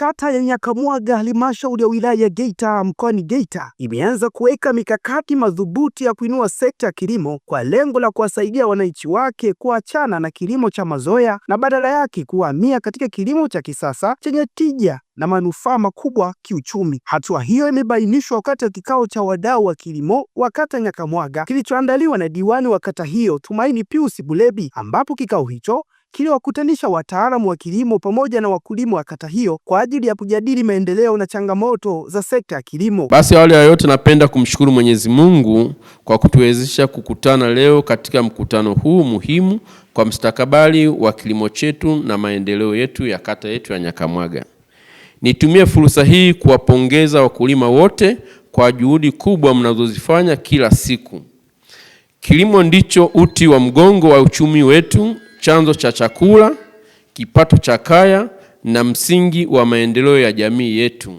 Kata ya Nyakamwaga, halmashauri ya wilaya ya Geita mkoani Geita imeanza kuweka mikakati madhubuti ya kuinua sekta ya kilimo kwa lengo la kuwasaidia wananchi wake kuachana na kilimo cha mazoea na badala yake kuhamia katika kilimo cha kisasa chenye tija na manufaa makubwa kiuchumi. Hatua hiyo imebainishwa wakati wa kikao cha wadau wa kilimo wa kata Nyakamwaga kilichoandaliwa na diwani wa kata hiyo Tumaini Pius Bulebi, ambapo kikao hicho kiliwakutanisha wataalamu wa kilimo pamoja na wakulima wa kata hiyo kwa ajili ya kujadili maendeleo na changamoto za sekta ya kilimo. Basi awali ya yote, napenda kumshukuru Mwenyezi Mungu kwa kutuwezesha kukutana leo katika mkutano huu muhimu kwa mstakabali wa kilimo chetu na maendeleo yetu ya kata yetu ya Nyakamwaga. Nitumie fursa hii kuwapongeza wakulima wote kwa juhudi kubwa mnazozifanya kila siku. Kilimo ndicho uti wa mgongo wa uchumi wetu chanzo cha chakula, kipato cha kaya na msingi wa maendeleo ya jamii yetu.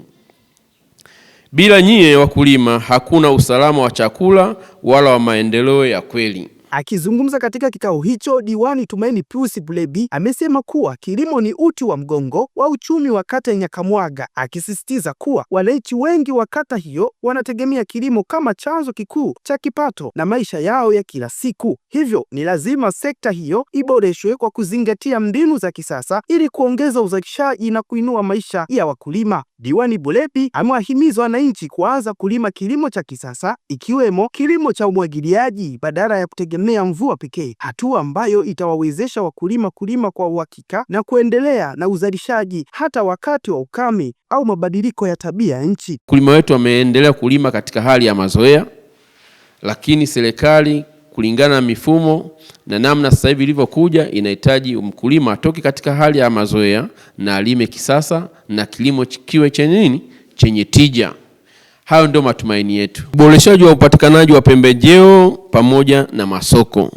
Bila nyie wakulima, hakuna usalama wa chakula wala wa maendeleo ya kweli. Akizungumza katika kikao hicho, Diwani Tumaini Pius Bulebi amesema kuwa kilimo ni uti wa mgongo wa uchumi wa kata ya Nyakamwaga, akisisitiza kuwa wananchi wengi wa kata hiyo wanategemea kilimo kama chanzo kikuu cha kipato na maisha yao ya kila siku. Hivyo ni lazima sekta hiyo iboreshwe kwa kuzingatia mbinu za kisasa ili kuongeza uzalishaji na kuinua maisha ya wakulima. Diwani Bulepi amewahimiza wananchi kuanza kulima kilimo cha kisasa ikiwemo kilimo cha umwagiliaji badala ya kutegemea mvua pekee, hatua ambayo itawawezesha wakulima kulima kwa uhakika na kuendelea na uzalishaji hata wakati wa ukame au mabadiliko ya tabia ya nchi. Wakulima wetu wameendelea kulima katika hali ya mazoea, lakini serikali kulingana na mifumo na namna sasa hivi ilivyokuja, inahitaji mkulima atoke katika hali ya mazoea na alime kisasa na kilimo kiwe chenye nini, chenye tija. Hayo ndio matumaini yetu. Uboreshaji wa upatikanaji wa pembejeo pamoja na masoko,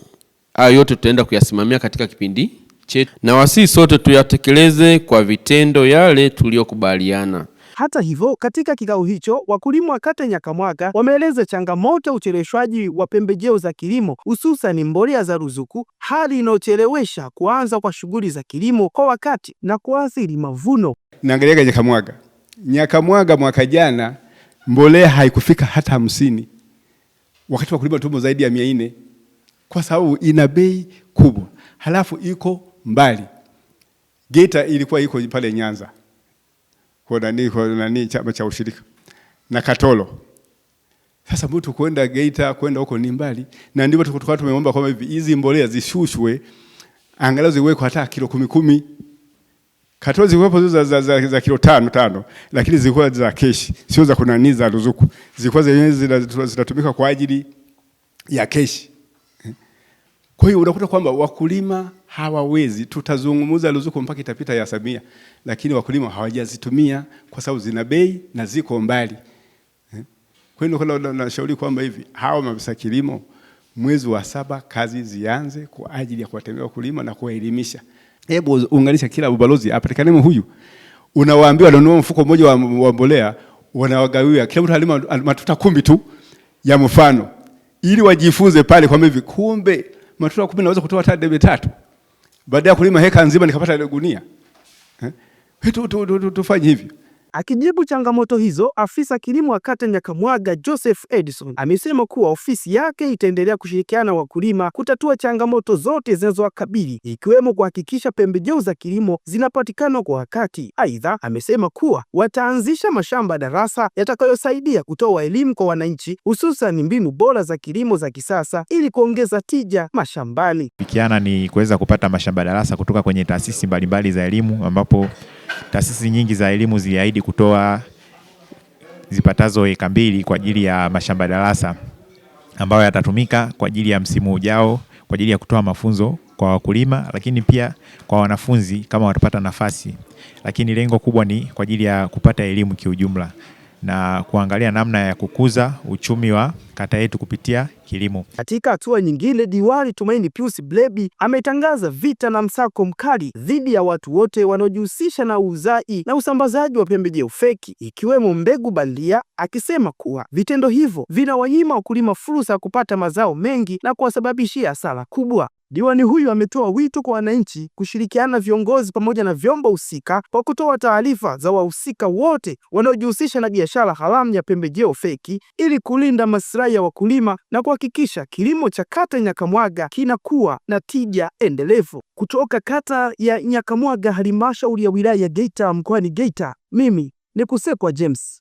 hayo yote tutaenda kuyasimamia katika kipindi chetu, na wasii sote tuyatekeleze kwa vitendo yale tuliyokubaliana. Hata hivyo, katika kikao hicho wakulima wa kata Nyakamwaga wameeleza changamoto ya ucheleweshwaji wa pembejeo za kilimo hususani mbolea za ruzuku, hali inayochelewesha kuanza kwa shughuli za kilimo kwa wakati na kuathiri mavuno. Naangalia Nyakamwaga, Nyakamwaga mwaka jana mbolea haikufika hata hamsini, wakati wakulima tumo zaidi ya mia nne kwa sababu ina bei kubwa, halafu iko mbali. Geita ilikuwa iko pale Nyanza kwa nani, kwa nani, chama cha ushirika na Katolo. Sasa mtu kwenda Geita kwenda huko ni mbali, na ndipo tulikuwa tumeomba kwamba hivi hizi mbolea zishushwe angalau ziwekwe hata kilo kumi kumi. Katolo zikuwepo za, za, za, za kilo tano tano, lakini zilikuwa za keshi, sio za kunani za ruzuku. Zilikuwa zenyewe zinatumika kwa ajili ya keshi. Kwa hiyo unakuta kwamba wakulima hawawezi. Tutazungumza ruzuku mpaka itapita ya Samia, lakini wakulima hawajazitumia kwa sababu zina bei na ziko mbali. Eh? Kwa hiyo nashauri kwamba hivi hawa maafisa kilimo mwezi wa saba kazi zianze kwa ajili ya kuwatembelea wakulima na kuwaelimisha. Hebu unganisha kila ubalozi apatikanemo huyu, unawaambia wanunua mfuko mmoja wa mbolea, wanawagawia kila mtu alima matuta kumi tu ya mfano, ili wajifunze pale kwamba hivi kumbe matuta kumi naweza kutoa hata debe tatu baada ya kulima heka nzima nikapata ile gunia eh? tu, tu, tu, tu, tufanye hivyo. Akijibu changamoto hizo, afisa kilimo wa kata Nyakamwaga Joseph Edison amesema kuwa ofisi yake itaendelea kushirikiana na wakulima kutatua changamoto zote zinazowakabili ikiwemo kuhakikisha pembejeo za kilimo zinapatikana kwa wakati. Aidha, amesema kuwa wataanzisha mashamba darasa yatakayosaidia kutoa elimu kwa wananchi, hususan mbinu bora za kilimo za kisasa ili kuongeza tija mashambani. Pikiana ni kuweza kupata mashamba darasa kutoka kwenye taasisi mbalimbali za elimu ambapo Taasisi nyingi za elimu ziliahidi kutoa zipatazo eka mbili kwa ajili ya mashamba darasa ambayo yatatumika kwa ajili ya msimu ujao kwa ajili ya kutoa mafunzo kwa wakulima, lakini pia kwa wanafunzi kama watapata nafasi, lakini lengo kubwa ni kwa ajili ya kupata elimu kiujumla na kuangalia namna ya kukuza uchumi wa kata yetu kupitia kilimo. Katika hatua nyingine, Diwani Tumaini Pius Blebi ametangaza vita na msako mkali dhidi ya watu wote wanaojihusisha na uuzaji na usambazaji wa pembejeo feki ikiwemo mbegu bandia, akisema kuwa vitendo hivyo vinawanyima wakulima fursa ya kupata mazao mengi na kuwasababishia hasara kubwa. Diwani huyu ametoa wito kwa wananchi kushirikiana na viongozi pamoja na vyombo husika kwa kutoa taarifa za wahusika wote wanaojihusisha na biashara haramu ya pembejeo feki ili kulinda maslahi ya wakulima na kuhakikisha kilimo cha kata Nyakamwaga kinakuwa na tija endelevu. Kutoka kata ya Nyakamwaga, halmashauri ya wilaya ya Geita, mkoani Geita, mimi ni Kusekwa James.